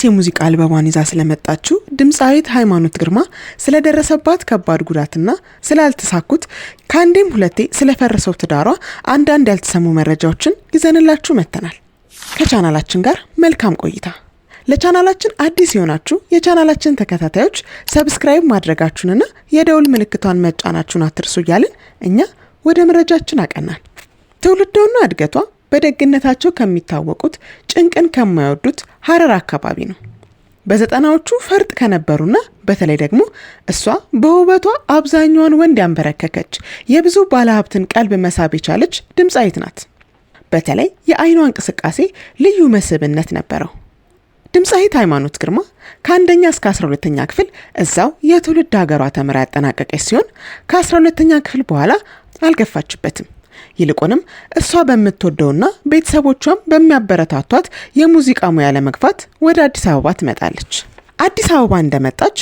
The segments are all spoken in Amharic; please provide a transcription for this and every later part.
አዲስ የሙዚቃ አልበሟን ይዛ ስለመጣችው ድምፃዊት ሃይማኖት ግርማ ስለደረሰባት ከባድ ጉዳትና ስላልተሳኩት ከአንዴም ሁለቴ ስለፈረሰው ትዳሯ አንዳንድ ያልተሰሙ መረጃዎችን ይዘንላችሁ መጥተናል። ከቻናላችን ጋር መልካም ቆይታ። ለቻናላችን አዲስ የሆናችሁ የቻናላችን ተከታታዮች ሰብስክራይብ ማድረጋችሁንና የደውል ምልክቷን መጫናችሁን አትርሱ እያልን እኛ ወደ መረጃችን አቀናል። ትውልዷና እድገቷ በደግነታቸው ከሚታወቁት ጭንቅን ከማይወዱት ሀረር አካባቢ ነው። በዘጠናዎቹ ፈርጥ ከነበሩና በተለይ ደግሞ እሷ በውበቷ አብዛኛውን ወንድ ያንበረከከች የብዙ ባለሀብትን ቀልብ መሳብ የቻለች ድምፃዊት ናት። በተለይ የአይኗ እንቅስቃሴ ልዩ መስህብነት ነበረው። ድምፃዊት ሃይማኖት ግርማ ከአንደኛ እስከ 12 ሁለተኛ ክፍል እዛው የትውልድ ሀገሯ ተምራ ያጠናቀቀች ሲሆን ከ12ተኛ ክፍል በኋላ አልገፋችበትም። ይልቁንም እሷ በምትወደውና ቤተሰቦቿም በሚያበረታቷት የሙዚቃ ሙያ ለመግፋት ወደ አዲስ አበባ ትመጣለች። አዲስ አበባ እንደመጣች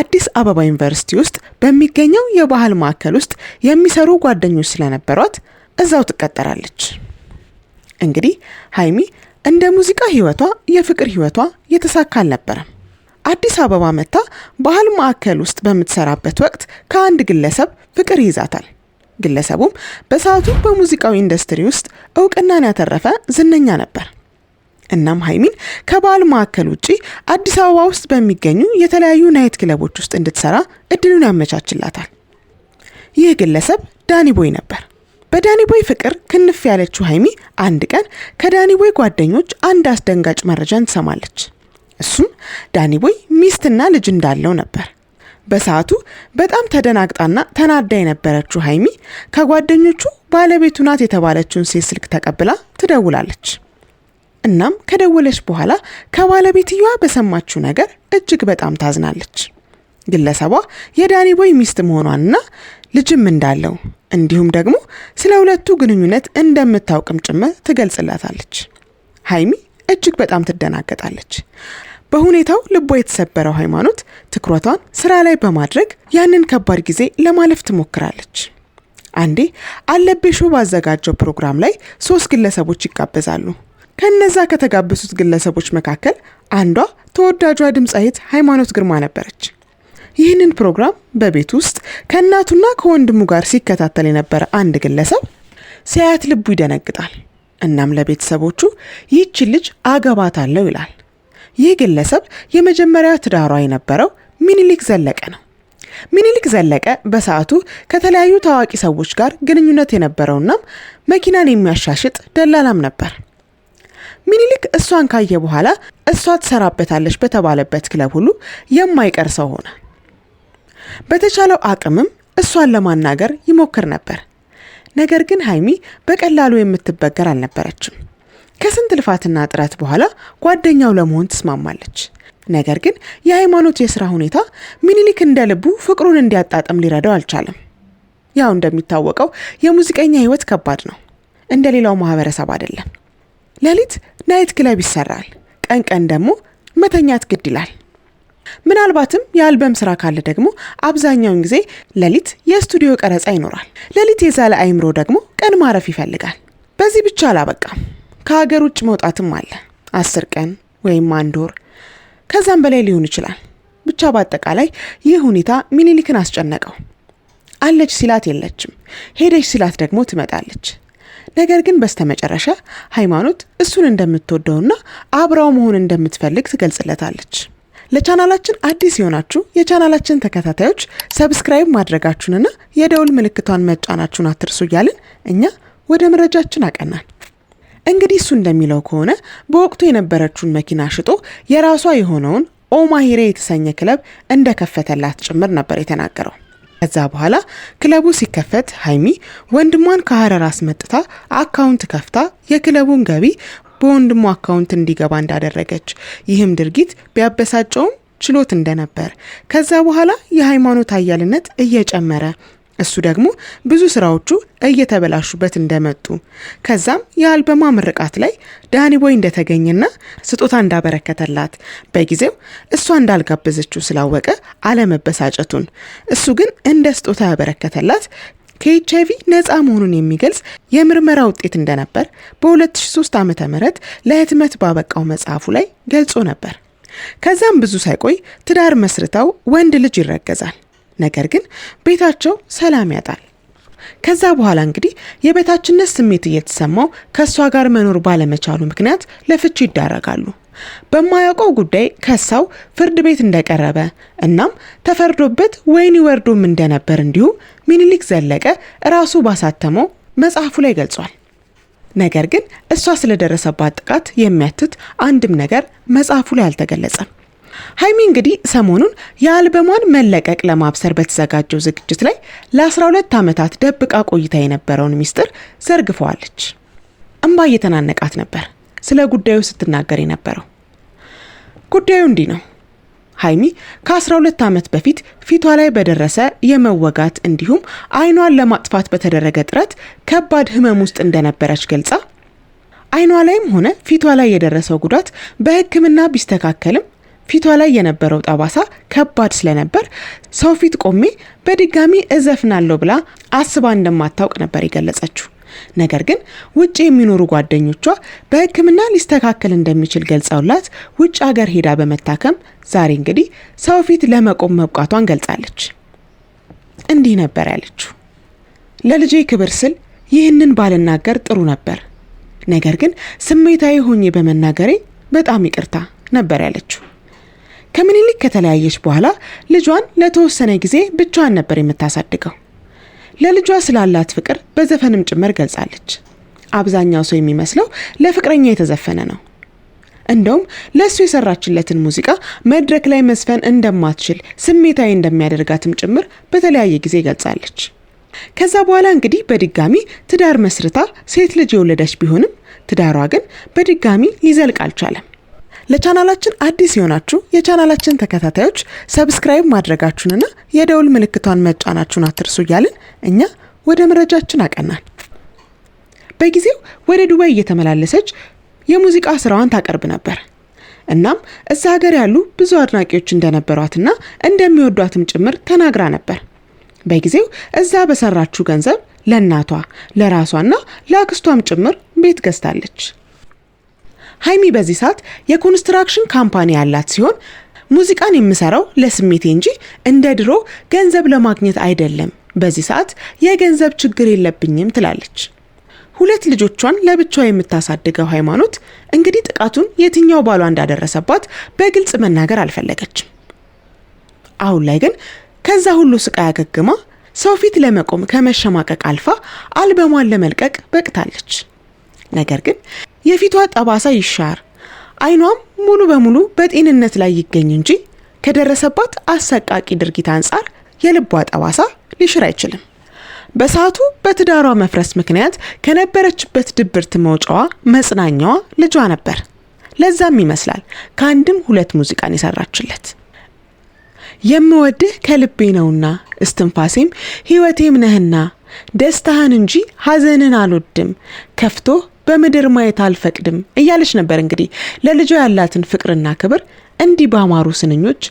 አዲስ አበባ ዩኒቨርሲቲ ውስጥ በሚገኘው የባህል ማዕከል ውስጥ የሚሰሩ ጓደኞች ስለነበሯት እዛው ትቀጠራለች። እንግዲህ ሀይሚ እንደ ሙዚቃ ህይወቷ የፍቅር ህይወቷ የተሳካ አልነበረም። አዲስ አበባ መታ ባህል ማዕከል ውስጥ በምትሰራበት ወቅት ከአንድ ግለሰብ ፍቅር ይይዛታል። ግለሰቡም በሰዓቱ በሙዚቃው ኢንዱስትሪ ውስጥ እውቅናን ያተረፈ ዝነኛ ነበር። እናም ሀይሚን ከባህል ማዕከል ውጪ አዲስ አበባ ውስጥ በሚገኙ የተለያዩ ናይት ክለቦች ውስጥ እንድትሰራ እድሉን ያመቻችላታል። ይህ ግለሰብ ዳኒ ቦይ ነበር። በዳኒ ቦይ ፍቅር ክንፍ ያለችው ሀይሚ አንድ ቀን ከዳኒ ቦይ ጓደኞች አንድ አስደንጋጭ መረጃን ትሰማለች። እሱም ዳኒ ቦይ ሚስትና ልጅ እንዳለው ነበር። በሰዓቱ በጣም ተደናግጣና ተናዳ የነበረችው ሀይሚ ከጓደኞቹ ባለቤቱ ናት የተባለችውን ሴት ስልክ ተቀብላ ትደውላለች። እናም ከደወለች በኋላ ከባለቤትየዋ በሰማችው ነገር እጅግ በጣም ታዝናለች። ግለሰቧ የዳኒ ቦይ ሚስት መሆኗንና ልጅም እንዳለው እንዲሁም ደግሞ ስለ ሁለቱ ግንኙነት እንደምታውቅም ጭምር ትገልጽላታለች። ሀይሚ እጅግ በጣም ትደናገጣለች። በሁኔታው ልቧ የተሰበረው ሃይማኖት ትኩረቷን ስራ ላይ በማድረግ ያንን ከባድ ጊዜ ለማለፍ ትሞክራለች። አንዴ አለቤ ሾ ባዘጋጀው ፕሮግራም ላይ ሶስት ግለሰቦች ይጋበዛሉ። ከነዛ ከተጋበሱት ግለሰቦች መካከል አንዷ ተወዳጇ ድምፃዊት ሃይማኖት ግርማ ነበረች። ይህንን ፕሮግራም በቤት ውስጥ ከእናቱና ከወንድሙ ጋር ሲከታተል የነበረ አንድ ግለሰብ ሲያያት ልቡ ይደነግጣል። እናም ለቤተሰቦቹ ይህችን ልጅ አገባታለሁ ይላል። ይህ ግለሰብ የመጀመሪያ ትዳሯ የነበረው ሚኒሊክ ዘለቀ ነው። ሚኒሊክ ዘለቀ በሰዓቱ ከተለያዩ ታዋቂ ሰዎች ጋር ግንኙነት የነበረውና መኪናን የሚያሻሽጥ ደላላም ነበር። ሚኒሊክ እሷን ካየ በኋላ እሷ ትሰራበታለች በተባለበት ክለብ ሁሉ የማይቀር ሰው ሆነ። በተቻለው አቅምም እሷን ለማናገር ይሞክር ነበር። ነገር ግን ሀይሚ በቀላሉ የምትበገር አልነበረችም። ከስንት ልፋትና ጥረት በኋላ ጓደኛው ለመሆን ትስማማለች። ነገር ግን የሃይማኖት የስራ ሁኔታ ሚኒሊክ እንደ ልቡ ፍቅሩን እንዲያጣጥም ሊረዳው አልቻለም። ያው እንደሚታወቀው የሙዚቀኛ ህይወት ከባድ ነው። እንደ ሌላው ማህበረሰብ አይደለም። ሌሊት ናይት ክለብ ይሰራል፣ ቀን ቀን ደግሞ መተኛት ግድ ይላል። ምናልባትም የአልበም ስራ ካለ ደግሞ አብዛኛውን ጊዜ ሌሊት የስቱዲዮ ቀረጻ ይኖራል። ሌሊት የዛለ አይምሮ ደግሞ ቀን ማረፍ ይፈልጋል። በዚህ ብቻ አላበቃም። ከሀገር ውጭ መውጣትም አለ። አስር ቀን ወይም አንድ ወር ከዛም በላይ ሊሆን ይችላል። ብቻ በአጠቃላይ ይህ ሁኔታ ሚኒሊክን አስጨነቀው። አለች ሲላት የለችም፣ ሄደች ሲላት ደግሞ ትመጣለች። ነገር ግን በስተመጨረሻ ሃይማኖት እሱን እንደምትወደውና አብራው መሆን እንደምትፈልግ ትገልጽለታለች። ለቻናላችን አዲስ የሆናችሁ የቻናላችን ተከታታዮች ሰብስክራይብ ማድረጋችሁንና የደውል ምልክቷን መጫናችሁን አትርሱ እያልን እኛ ወደ መረጃችን አቀናል። እንግዲህ እሱ እንደሚለው ከሆነ በወቅቱ የነበረችውን መኪና ሽጦ የራሷ የሆነውን ኦማሂሬ የተሰኘ ክለብ እንደከፈተላት ጭምር ነበር የተናገረው። ከዛ በኋላ ክለቡ ሲከፈት ሀይሚ ወንድሟን ከሀረር አስመጥታ አካውንት ከፍታ የክለቡን ገቢ በወንድሟ አካውንት እንዲገባ እንዳደረገች ይህም ድርጊት ቢያበሳጨውም ችሎት እንደነበር ከዛ በኋላ የሃይማኖት አያልነት እየጨመረ እሱ ደግሞ ብዙ ስራዎቹ እየተበላሹበት እንደመጡ ከዛም የአልበማ ምርቃት ላይ ዳኒቦይ እንደተገኘና ስጦታ እንዳበረከተላት በጊዜው እሷ እንዳልጋበዘችው ስላወቀ አለመበሳጨቱን እሱ ግን እንደ ስጦታ ያበረከተላት ከኤችአይቪ ነፃ መሆኑን የሚገልጽ የምርመራ ውጤት እንደነበር በ2003 ዓ ም ለህትመት ባበቃው መጽሐፉ ላይ ገልጾ ነበር። ከዛም ብዙ ሳይቆይ ትዳር መስርተው ወንድ ልጅ ይረገዛል። ነገር ግን ቤታቸው ሰላም ያጣል። ከዛ በኋላ እንግዲህ የበታችነት ስሜት እየተሰማው ከእሷ ጋር መኖር ባለመቻሉ ምክንያት ለፍቺ ይዳረጋሉ። በማያውቀው ጉዳይ ከሳው ፍርድ ቤት እንደቀረበ እናም ተፈርዶበት ወይኒ ወርዶም እንደነበር እንዲሁ ሚኒሊክ ዘለቀ ራሱ ባሳተመው መጽሐፉ ላይ ገልጿል። ነገር ግን እሷ ስለደረሰባት ጥቃት የሚያትት አንድም ነገር መጽሐፉ ላይ አልተገለጸም። ሀይሚ እንግዲህ ሰሞኑን የአልበሟን መለቀቅ ለማብሰር በተዘጋጀው ዝግጅት ላይ ለ12 ዓመታት ደብቃ ቆይታ የነበረውን ሚስጥር ዘርግፈዋለች። እምባ እየተናነቃት ነበር ስለ ጉዳዩ ስትናገር የነበረው። ጉዳዩ እንዲህ ነው። ሀይሚ ከ12 ዓመት በፊት ፊቷ ላይ በደረሰ የመወጋት እንዲሁም አይኗን ለማጥፋት በተደረገ ጥረት ከባድ ህመም ውስጥ እንደነበረች ገልጻ አይኗ ላይም ሆነ ፊቷ ላይ የደረሰው ጉዳት በሕክምና ቢስተካከልም ፊቷ ላይ የነበረው ጠባሳ ከባድ ስለነበር ሰው ፊት ቆሜ በድጋሚ እዘፍናለሁ ብላ አስባ እንደማታውቅ ነበር የገለጸችው። ነገር ግን ውጭ የሚኖሩ ጓደኞቿ በሕክምና ሊስተካከል እንደሚችል ገልጸውላት ውጭ ሀገር ሄዳ በመታከም ዛሬ እንግዲህ ሰው ፊት ለመቆም መብቃቷን ገልጻለች። እንዲህ ነበር ያለችው። ለልጄ ክብር ስል ይህንን ባልናገር ጥሩ ነበር፣ ነገር ግን ስሜታዊ ሆኜ በመናገሬ በጣም ይቅርታ ነበር ያለችው። ከምኒልክ ከተለያየች በኋላ ልጇን ለተወሰነ ጊዜ ብቻዋን ነበር የምታሳድገው። ለልጇ ስላላት ፍቅር በዘፈንም ጭምር ገልጻለች። አብዛኛው ሰው የሚመስለው ለፍቅረኛ የተዘፈነ ነው። እንደውም ለእሱ የሰራችለትን ሙዚቃ መድረክ ላይ መዝፈን እንደማትችል ስሜታዊ እንደሚያደርጋትም ጭምር በተለያየ ጊዜ ገልጻለች። ከዛ በኋላ እንግዲህ በድጋሚ ትዳር መስርታ ሴት ልጅ የወለደች ቢሆንም ትዳሯ ግን በድጋሚ ሊዘልቅ አልቻለም። ለቻናላችን አዲስ የሆናችሁ የቻናላችን ተከታታዮች ሰብስክራይብ ማድረጋችሁንና የደውል ምልክቷን መጫናችሁን አትርሱ እያልን እኛ ወደ መረጃችን አቀናል። በጊዜው ወደ ዱባይ እየተመላለሰች የሙዚቃ ስራዋን ታቀርብ ነበር። እናም እዛ ሀገር ያሉ ብዙ አድናቂዎች እንደነበሯትና እንደሚወዷትም ጭምር ተናግራ ነበር። በጊዜው እዛ በሰራችው ገንዘብ ለእናቷ ለራሷና ለአክስቷም ጭምር ቤት ገዝታለች። ሀይሚ በዚህ ሰዓት የኮንስትራክሽን ካምፓኒ ያላት ሲሆን ሙዚቃን የምሰራው ለስሜቴ እንጂ እንደ ድሮ ገንዘብ ለማግኘት አይደለም፣ በዚህ ሰዓት የገንዘብ ችግር የለብኝም ትላለች። ሁለት ልጆቿን ለብቻዋ የምታሳድገው ሃይማኖት እንግዲህ ጥቃቱን የትኛው ባሏ እንዳደረሰባት በግልጽ መናገር አልፈለገችም። አሁን ላይ ግን ከዛ ሁሉ ስቃይ አገግማ ሰው ፊት ለመቆም ከመሸማቀቅ አልፋ አልበሟን ለመልቀቅ በቅታለች። ነገር ግን የፊቷ ጠባሳ ይሻር፣ አይኗም ሙሉ በሙሉ በጤንነት ላይ ይገኝ እንጂ ከደረሰባት አሰቃቂ ድርጊት አንጻር የልቧ ጠባሳ ሊሽር አይችልም። በሰዓቱ በትዳሯ መፍረስ ምክንያት ከነበረችበት ድብርት መውጫዋ መጽናኛዋ ልጇ ነበር። ለዛም ይመስላል ከአንድም ሁለት ሙዚቃን የሰራችለት። የምወድህ ከልቤ ነውና እስትንፋሴም ህይወቴም ነህና ደስታህን እንጂ ሐዘንን አልወድም ከፍቶህ በምድር ማየት አልፈቅድም እያለች ነበር እንግዲህ ለልጇ ያላትን ፍቅርና ክብር እንዲህ ባማሩ ስንኞች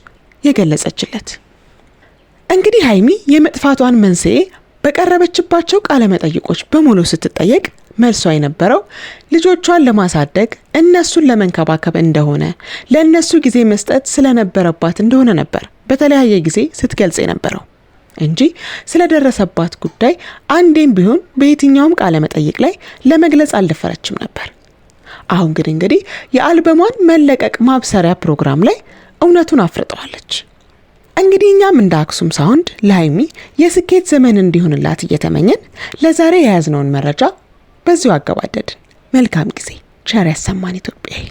የገለጸችለት። እንግዲህ ሀይሚ የመጥፋቷን መንስኤ በቀረበችባቸው ቃለ መጠይቆች በሙሉ ስትጠየቅ መልሷ የነበረው ልጆቿን ለማሳደግ እነሱን ለመንከባከብ እንደሆነ ለእነሱ ጊዜ መስጠት ስለነበረባት እንደሆነ ነበር በተለያየ ጊዜ ስትገልጽ የነበረው። እንጂ ስለደረሰባት ጉዳይ አንዴም ቢሆን በየትኛውም ቃለ መጠይቅ ላይ ለመግለጽ አልደፈረችም ነበር። አሁን ግን እንግዲህ የአልበሟን መለቀቅ ማብሰሪያ ፕሮግራም ላይ እውነቱን አፍርጠዋለች። እንግዲህ እኛም እንደ አክሱም ሳውንድ ለሀይሚ የስኬት ዘመን እንዲሆንላት እየተመኘን ለዛሬ የያዝነውን መረጃ በዚሁ አገባደድን። መልካም ጊዜ። ቸር ያሰማን ኢትዮጵያዊ